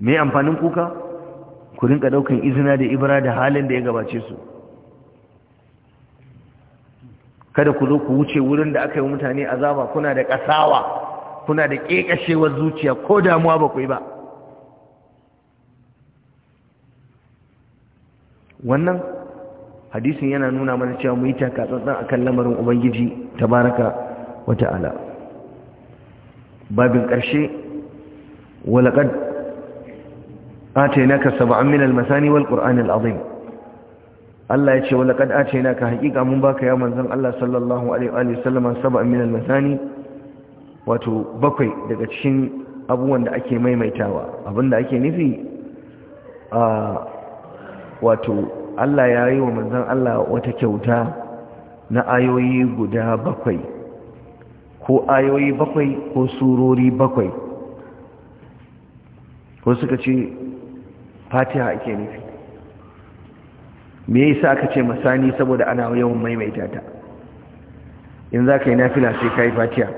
me amfanin kuka ku rinka daukan izina da ibra da halin da ya gabace su kada ku zo ku wuce wurin da aka yi mutane azaba kuna da kasawa kuna da kekashewar zuciya ko damuwa ba ku yi ba wannan hadisin yana nuna mana cewa mu yi takatsantsan kan lamarin ubangiji tabaraka wa ta'ala babin ƙarshe walaƙad. atainaka sab'an min al-masani wal qur'an al-azim Allah ya ce walaqad atainaka haqiqa mun baka ya manzon Allah sallallahu alaihi wa sallama sab'an min al wato bakwai daga cikin abubuwan da ake maimaitawa abinda ake nufi a ah, wato Allah ya yi wa manzan Allah wata kyauta na ayoyi guda bakwai ko ayoyi bakwai ko surori bakwai ko suka ce fatiha ake nufi me yasa aka ce masani saboda ana yawan maimaita ta in za ka yi nafila sai ka yi fatiha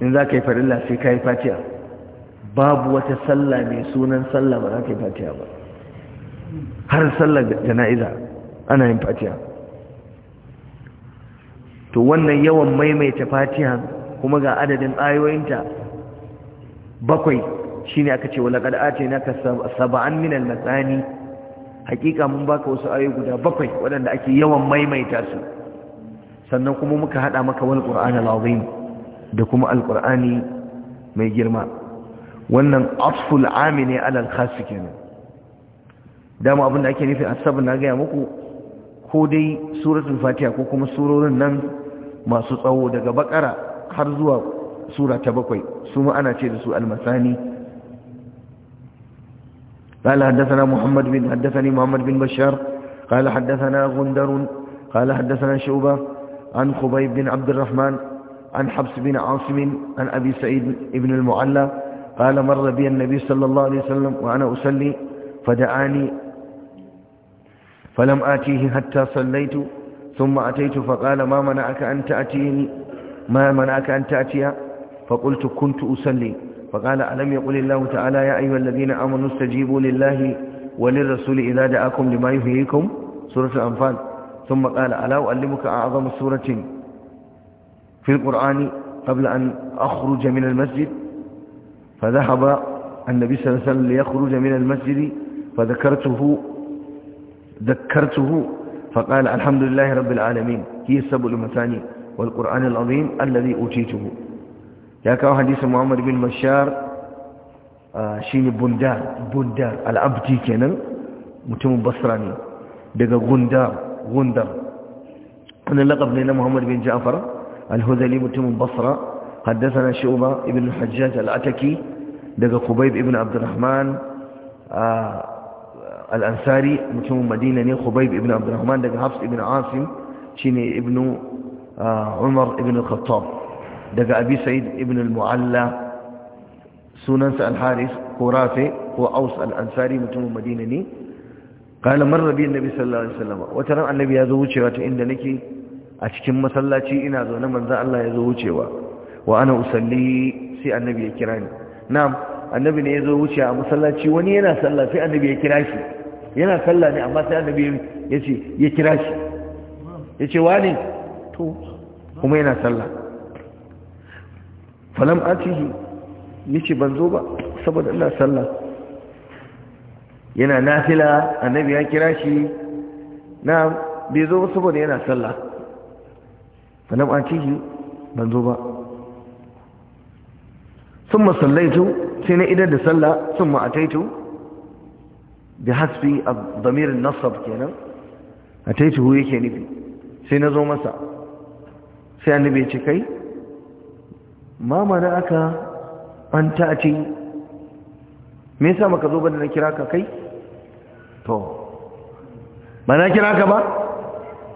in za ka yi farilla sai ka yi fatiha babu wata sallah mai sunan sallah ba za ka yi fatiha ba har sallar jana'iza ana yin fatiha to wannan yawan maimaita fatiha kuma ga adadin ayoyinta bakwai shine aka ce wala qad atainaka sab'an min al-masani hakika mun baka wasu ayoyi guda bakwai waɗanda ake yawan maimaita su sannan kuma muka hada maka wal qur'an al-azim da kuma al-qur'ani mai girma wannan asful amine ala al-khas kenan dama abin da ake nufi asabar na gaya muku ko dai suratul fatiha ko kuma surorin nan masu tsawo daga bakara har zuwa sura ta bakwai su ma ana ce da su almasani قال حدثنا محمد بن حدثني محمد بن بشار قال حدثنا غندر قال حدثنا شعبة عن خبيب بن عبد الرحمن عن حبس بن عاصم عن أبي سعيد بن المعلى قال مر بي النبي صلى الله عليه وسلم وأنا أسلي فدعاني فلم آتيه حتى صليت ثم أتيت فقال ما منعك أن تأتيني ما منعك أن تأتي فقلت كنت أصلي فقال ألم يقل الله تعالى يا أيها الذين آمنوا استجيبوا لله وللرسول إذا دعاكم لما يحييكم سورة الأنفال ثم قال ألا أؤلمك أعظم سورة في القرآن قبل أن أخرج من المسجد فذهب النبي صلى الله عليه وسلم ليخرج من المسجد فذكرته ذكرته فقال الحمد لله رب العالمين هي السبب المثاني والقرآن العظيم الذي أوتيته يا كاو حديث محمد بن مشار آه، شيني بندار بندار العبدي كان متم بصراني دغ غندار غندار أنا لقب لنا محمد بن جعفر الهذلي متم بصرة حدثنا شعبة ابن الحجاج العتكي دغ قبيب ابن عبد الرحمن آه Al'ansari mutumin madina ne khubayb ibn abdurrahman daga hafs ibn asim shine ibn umar ibn al-khattab daga abi sa'id ibn al-mu'alla sunansa al-haris ko rafi ko aus al-ansari mutumin madina ne qala marra bi annabi sallallahu alaihi wasallam wata ran annabi ya zo wucewa ta inda nake a cikin masallaci ina zaune manzo Allah ya zo wucewa wa ana usalli sai annabi ya kira ni na'am annabi ne ya zo wuce a masallaci wani yana sallah sai annabi ya kira shi yana sallah ne amma sai annabi ya ce ya kira shi ya ce wani to kuma yana sallah falam atihi ya ce ban zo ba saboda ina sallah yana nafila annabi ya kira shi na bai zo ba saboda yana sallah falam atihi ban zo ba sun masallaitu sai na idar da sallah sun ma'ataitu بحسب ضمير النصب كينا هو يكي نبي سينزو مسا نبي يتكي ما منعك أن تأتي ميسا مكذوبا لنكراك كي تو ما نكراك با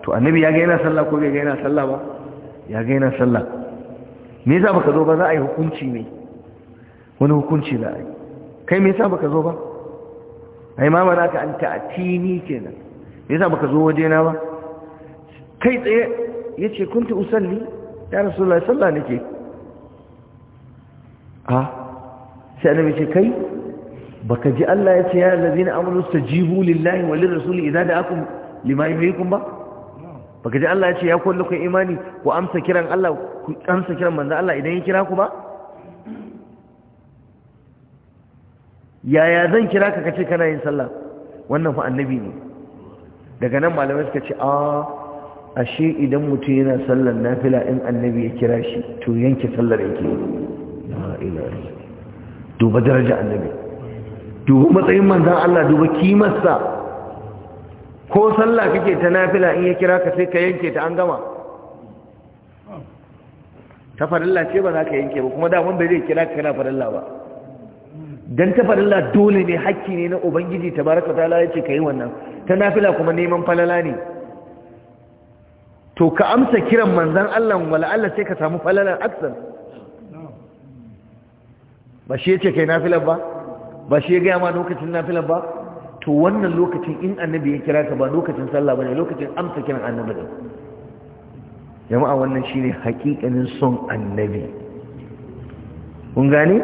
تو النبي يجينا صلى الله يا يجينا صلى با يجينا صلى الله ميسا مكذوبا ذا أي حكمتي ني wani hukunci da ai kai me yasa baka zo ba ai ma mana ka an ta'tini kenan me yasa baka zo waje na ba kai tsaye yace kunti usalli ya rasulullahi sallah nake ah sai annabi ce kai baka ji Allah ya ce ya allazina amanu stajibu lillahi wa lirrasuli idza da'akum lima yuhikum ba baka ji Allah ya ce ya kullu kai imani ku amsa kiran Allah ku amsa kiran manzo Allah idan ya kira ku ba yaya zan kira ka kace kana yin sallah wannan fa annabi ne daga nan malamai suka ce a ah, ashe idan mutum yana sallar nafila in annabi ya kira shi to yanke sallar yake la ilaha duba daraja annabi duba matsayin manzan Allah duba kimarsa ko sallah kake ta nafila in ya kira ka sai ka yanke ta an gama ta farilla ce ba za ka yanke ba kuma da bai zai kira ka kana farilla ba dan tafarilla dole ne hakki ne na ubangiji tabaraka taala ka yi wannan ta nafila kuma neman falala ne to ka amsa kiran manzon Allah wala Allah sai ka samu falalan aksan ba shi ya yace kai nafilan ba ba shi ya gaya ma lokacin nafilan ba to wannan lokacin in annabi ya kira ka ba lokacin sallah ba ne, lokacin amsa kiran annabi ne jama'a wannan shi ne hakikanin son annabi kun gane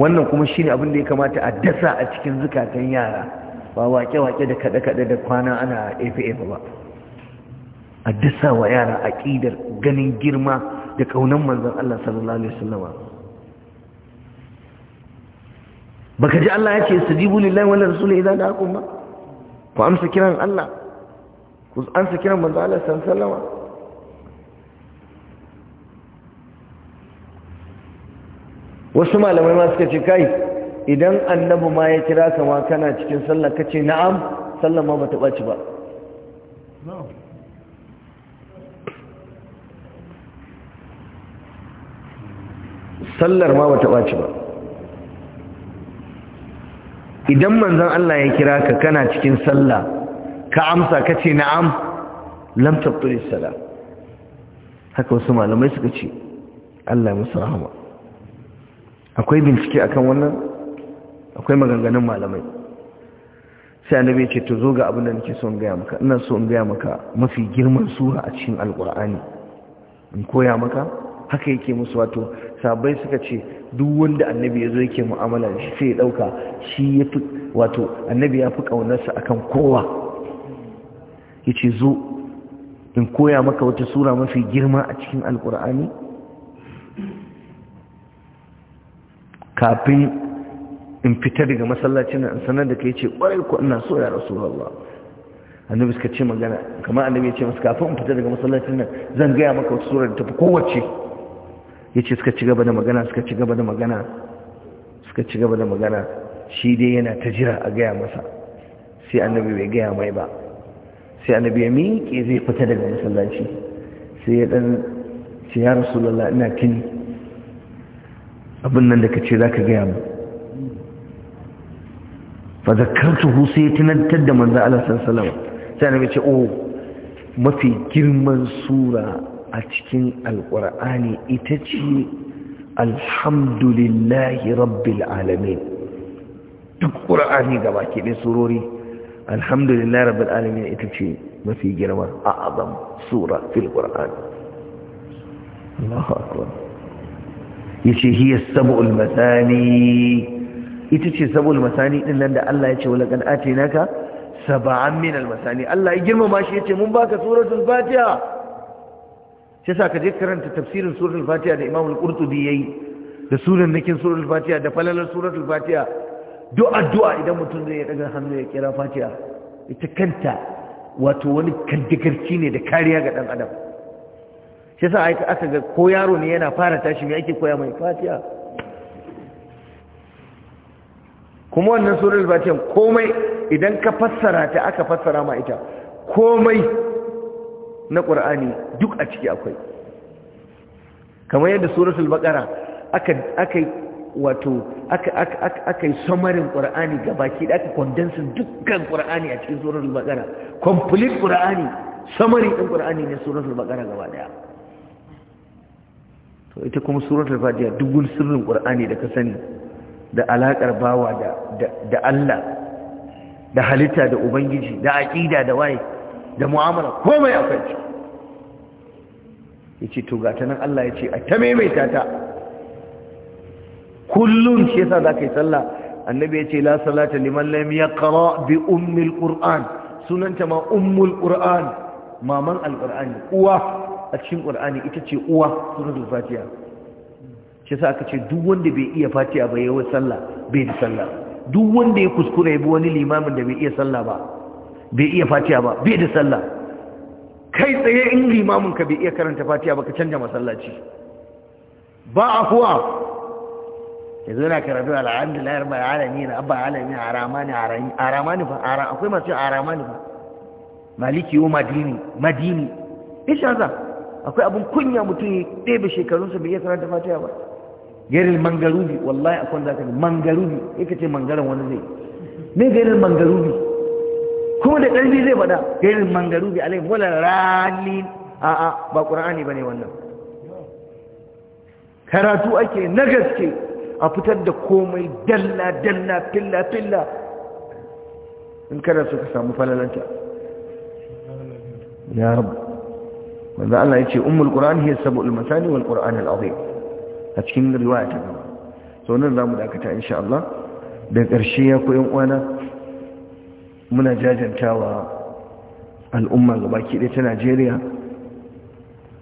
wannan kuma shi abin da ya kamata a dasa a cikin zukatan yara ba wake-wake da kaɗe-kaɗe da kwana ana efe-efe ba a dasa wa yara a ƙidar ganin girma da ƙaunar manzan Allah sallallahu Alaihi wasallama ba ka ji Allah ya ce su jibu lillahi wani rasulun idan da haƙun ba ku amsa kiran Allah ku amsa kiran manzan Allah sallallahu Alaihi wasallama wasu malamai ma suka ce kai idan Annabu ma ya kira ka ma kana cikin sallah kace na'am sallah ma bata baci ba sallar ma bata baci ba idan manzon Allah ya kira ka kana cikin sallah ka amsa kace na'am lam tabtuli salah haka wasu malamai suka ce Allah ya musu rahama akwai bincike akan wannan akwai maganganun malamai sai annabi ce to zo ga abin da nake so in gaya maka ina so in gaya maka mafi girman sura a cikin alkur'ani in koya maka haka yake musu wato sabai suka ce duk wanda annabi ya zo yake mu'amala da shi sai ya dauka shi ya fi wato annabi ya fi kaunarsa akan kowa yace zo in koya maka wata sura mafi girma a cikin alkur'ani kafin in fita daga masallacin nan sanar da kai ce ƙwarai ko ina so ya rasulullah annabi suka ce magana kamar annabi ya ce masu kafin in fita daga masallacin nan zan gaya maka wata surar da tafi kowace ya ce suka ci gaba da magana suka ci gaba da magana suka ci gaba da magana shi dai yana ta jira a gaya masa sai annabi bai gaya mai ba sai annabi ya miƙe zai fita daga masallaci sai ya ɗan ce ya rasulullah ina kini abin nan da ka ce za ka gaya mu fa zakartuhu sai tunantar da manzo Allah sallallahu alaihi wasallam sai annabi ce oh mafi girman sura a cikin alqur'ani ita ce alhamdulillahi rabbil alamin duk qur'ani gaba ke da surori alhamdulillahi rabbil alamin ita ce mafi girma a'azam sura fil qur'an Allahu akbar yace hiya sab'ul masani ita ce sab'ul masani din nan da Allah yace wala kad atinaka sab'an Saba'an al masani Allah ya girmama shi yace mun baka suratul fatiha sai sa ka je karanta tafsirin suratul fatiha da imamul al ya yayi da sunan nakin suratul fatiha da falalar suratul fatiha duk addu'a idan mutum zai daga hannu ya kira fatiha ita kanta wato wani kaddigarci ne da kariya ga ɗan adam shi sa aka ga ko yaro ne yana fara tashi mai ake koya mai fatiya kuma wannan surar batiyan komai idan ka fassara ta aka fassara ma ita komai na ƙur'ani duk a ciki akwai kamar yadda surar sulbaƙara aka yi wato aka yi samarin ga baki da aka kondensin dukkan ƙur'ani a cikin surar sulbaƙara complete ƙur'ani samarin ɗin ƙur'ani ne surar sulbaƙara gaba daya to ita kuma suratul fatiha dubul sirrin qur'ani da ka sani da alakar bawa da da Allah da halitta da ubangiji da aqida da waye da mu'amala komai akwai ciki yace to ga ta nan Allah yace a ta ta kullun shi yasa zaka yi sallah annabi yace la salata liman lam yaqra bi ummil qur'an sunanta ma ummul qur'an maman alqur'ani uwa a cikin ƙur'ani ita ce uwa suratul fatiha shi sa aka ce duk wanda bai iya fatiha ba yawon sallah bai da sallah duk wanda ya kuskura yabi wani limamin da bai iya sallah ba bai iya fatiha ba bai da sallah kai tsaye in limamin ka bai iya karanta fatiha ba ka canja masallaci ba a kuwa ya zo na karatu alhamdulillah rabbil na abba alamin aramani aramani fa akwai masu aramani fa maliki wa madini madini ishaza akwai abin kunya mutum ya ɗebe shekarunsa bai iya karanta fatiha ba gairil mangarubi wallahi akwai da kaji mangarubi ya ce mangaran wani zai me gairil mangarubi kuma da ƙarfi zai faɗa gairil mangarubi alai wala A'a a a ba ne wannan karatu ake na gaske a fitar da komai dalla dalla filla filla in kada so ka samu falalanta ya rabu manzo Allah yace ummul qur'an hiya sab'ul masani wal qur'an al azim a cikin riwaya ta gaba so nan zamu dakata insha Allah da ƙarshe ya koyan uwana muna jajantawa al'umma gabaki ɗaya ta Najeriya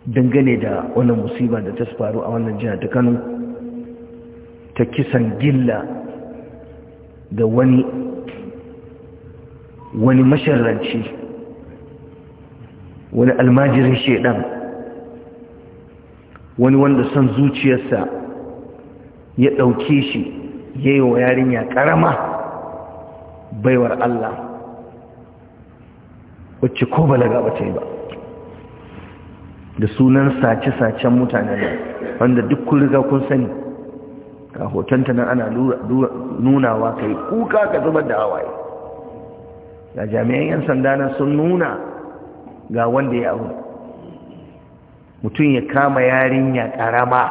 dangane da wannan musiba da ta faru a wannan jihar ta Kano ta kisan gilla da wani wani masharranci wani almajirin shaidan wani wanda son zuciyarsa ya ɗauke shi ya yi wa yarinya ƙarama baiwar Allah wacce ko balaga ba ta yi ba da sunan sace-sacen mutane ne wanda duk kun riga kun sani ka hotonta nan ana nunawa ka yi kuka ka zuba da hawaye ga jami'an 'yan sanda nan sun nuna ga wanda ya abu mutum ya kama yarinya karama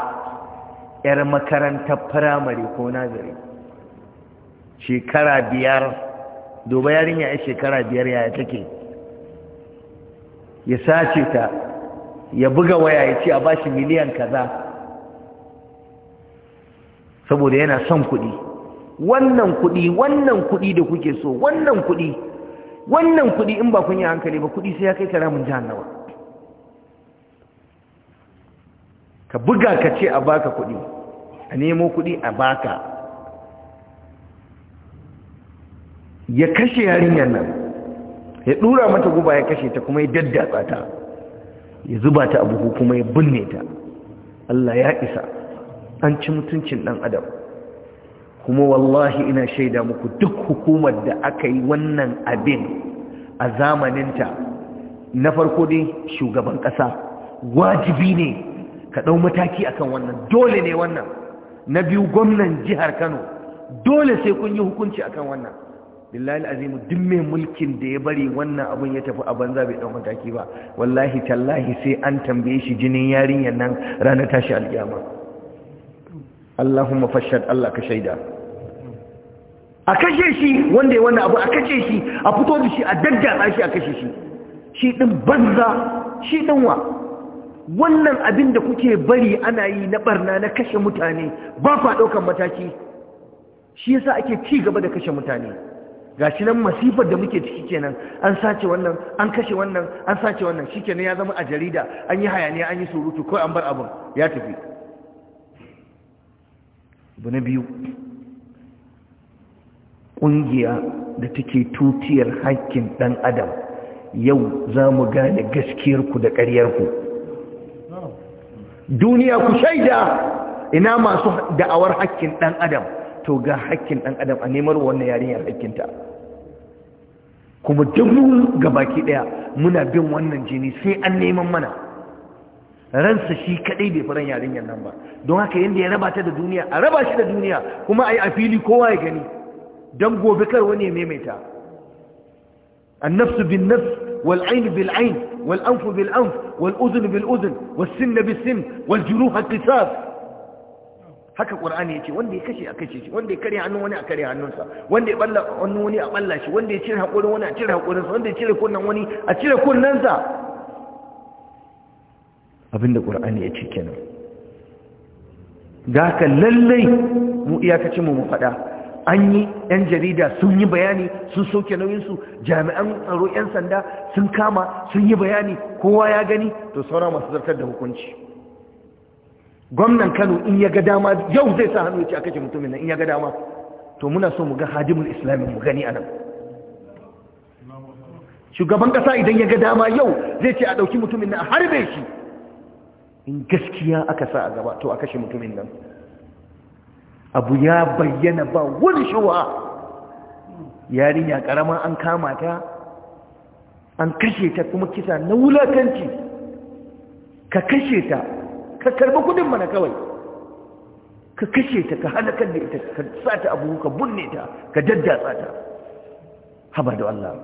yar makarantar firamare ko nazari shekara biyar doba yarinya ya shekara biyar yaya take ya sace ta ya buga waya ya ce a bashi miliyan kaza saboda yana son kuɗi wannan kuɗi wannan kuɗi da kuke so wannan kuɗi wannan kuɗi in ba kun yi hankali ba kuɗi sai ya kai karamin nawa. ka buga ka ce a baka kuɗi a nemo kuɗi a baka ya kashe yarinyar nan ya ɗura mata guba ya kashe ta kuma ya daddatsa ta ya zuba ta abu kuma ya binne ta Allah ya isa an ci mutuncin ɗan adam kuma wallahi ina shaida muku duk hukumar da aka yi wannan abin a zamaninta na farko dai shugaban ƙasa wajibi ne ka ɗau mataki akan wannan dole ne wannan na biyu gwamnan jihar kano dole sai kun yi hukunci akan wannan billahi azimu duk mai mulkin da ya bari wannan abin ya tafi a banza bai ɗau mataki ba wallahi tallahi sai an tambaye shi jinin yarinyar nan ranar tashi alƙiyama Allahumma fashad Allah ka shaida a kashe shi wanda ya wannan abu a kashe shi a fito da shi a dadda shi a kashe shi shi ɗin banza shi ɗin wa wannan abin da kuke bari ana yi na barna na kashe mutane ba fa ɗaukan mataki shi yasa ake ci gaba da kashe mutane gashi nan masifar da muke ciki kenan an sace wannan an kashe wannan an sace wannan shikenan ya zama a jarida an yi hayaniya an yi surutu ko an bar abin ya tafi abu biyu ƙungiya da take tutiyar haƙƙin ɗan adam yau za mu gane gaskiyarku da ƙaryarku duniya ku shaida ina masu da'awar haƙƙin ɗan adam to ga haƙƙin ɗan adam a nemar wannan yarinyar haƙƙinta kuma dubu baki ɗaya muna bin wannan jini sai an neman mana ransa shi kaɗai bai faran yarinyar nan ba don haka yadda ya raba ta da duniya a raba shi da duniya kuma a yi a fili kowa ya gani don gobe kar wani ya maimaita annafsu bin nafs والعين بالعين والأنف بالأنف والأذن بالأذن والسن بالسن والجروح القصاص haka qur'ani yace wanda ya kashe a kashe shi wanda ya kare hannun wani a kare sa, wanda ya balla hannun wani a balla shi wanda ya cire hakorin wani a cire sa, wanda ya cire kunnan wani a cire sa. abinda qur'ani yace kenan da haka lallai mu iyakacin mu mu fada an yi 'yan jarida sun yi bayani sun soke nauyinsu jami'an tsaro 'yan sanda sun kama sun yi bayani kowa ya gani to saura masu zartar da hukunci gwamnan kano in ya ga dama yau zai sa hannu ya ce a kashe mutumin nan in ya ga dama to muna so mu ga hadimul islami mu gani a nan shugaban ƙasa idan ya ga dama yau zai ce a ɗauki mutumin nan a harbe shi in gaskiya aka sa a gaba to a kashe mutumin nan abu ya bayyana ba wani shuwa yarinya karama an kama ta an kashe ta kuma kisa na wulakanci ka kashe ta ka karbi kudin mana kawai ka kashe ta ka halakar da ita ka sa ta abu ka bunne ta ka daddatsa ta haba da Allah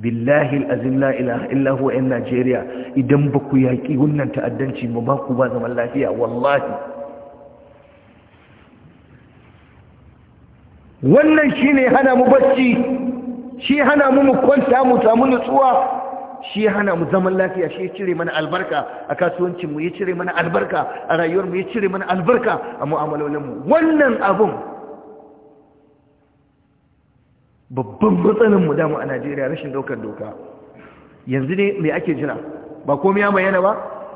billahi al'azim la ilaha illa huwa yan Najeriya idan ba ku yaƙi wannan ta'addanci ba ba ku ba zaman lafiya wallahi wannan shi ne hana mu bacci shi hana mu mu kwanta mu samu nutsuwa shi hana mu zaman lafiya shi ya cire mana albarka a kasuwancinmu ya cire mana albarka a rayuwarmu ya cire mana albarka a mu'amalolinmu wannan abun babban matsalinmu damu a najeriya rashin daukar doka yanzu ne mai ake jira ba komai ya bayana ba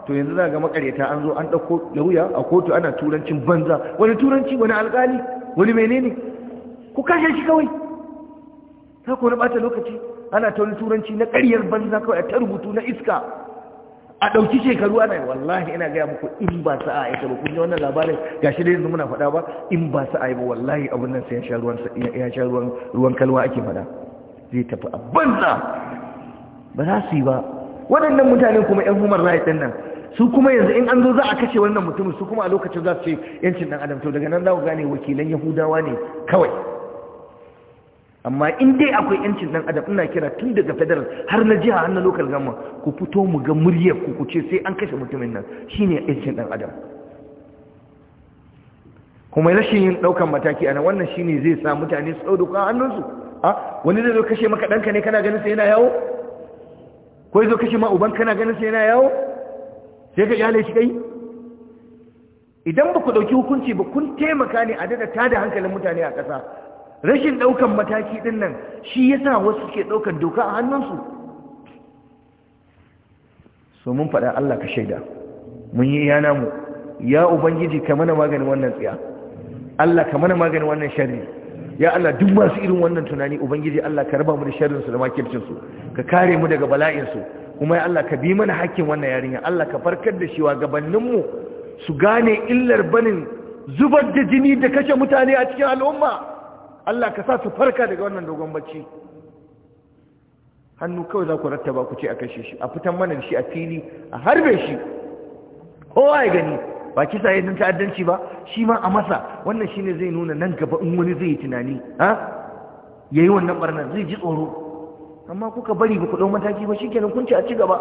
to yanzu za ga makareta an zo an ɗauko lauya a kotu ana turancin banza wani turanci wani alƙali wani menene ku kashe shi kawai ta ku bata lokaci ana ta wani turanci na ƙaryar banza kawai a ta rubutu na iska a ɗauki shekaru ana wallahi ina gaya muku in ba sa a aika ba kun wannan labarin ga shi dai muna faɗa ba in ba sa a yi ba wallahi abin nan sai ya sha ruwan kalwa ake faɗa zai tafi a banza ba za su yi ba waɗannan mutane kuma yan human rights ɗin nan su kuma yanzu in an zo za a kashe wannan mutumin su kuma a lokacin za su ce yancin ɗan adam to daga nan za ku gane wakilan yahudawa ne kawai amma in dai akwai yancin dan adam ina kira tun daga federal har na jiha har na local government ku fito mu ga muryar ku ku ce sai an kashe mutumin nan shine yancin dan adam kuma rashin yin daukan mataki ana wannan shine zai sa mutane su dauka hannunsu a wani zai zo kashe maka danka ne kana ganin sai yana yawo ko zai zo kashe ma uban kana ganin sai yana yawo sai ka yale shi kai idan ba ku dauki hukunci ba kun taimaka ne a dada tada hankalin mutane a ƙasa rashin ɗaukan mataki ɗin nan shi ya sa wasu ke ɗaukan doka a hannunsu so mun faɗa Allah ka shaida mun yi iya namu ya ubangiji ka mana maganin wannan tsiya Allah ka mana maganin wannan sharri ya Allah duk masu irin wannan tunani ubangiji Allah ka raba mu da sharrinsu da makircinsu ka kare mu daga bala'insu kuma ya Allah ka bi mana hakkin wannan yarinya Allah ka farkar da shi wa gabaninmu su gane illar banin zubar da jini da kashe mutane a cikin al'umma Allah ka sa su farka daga wannan dogon bacci hannu kawai za ku rattaba ku ce a kashe shi a fitan mana shi a fili a harbe shi kowa ya gani ba kisa yi zan ta'addanci ba shi ma a masa wannan shi ne zai nuna nan gaba in wani zai yi tunani ha yayi wannan barnar zai ji tsoro amma kuka bari ba ku ɗau mataki ba shikenan kun ci a ci gaba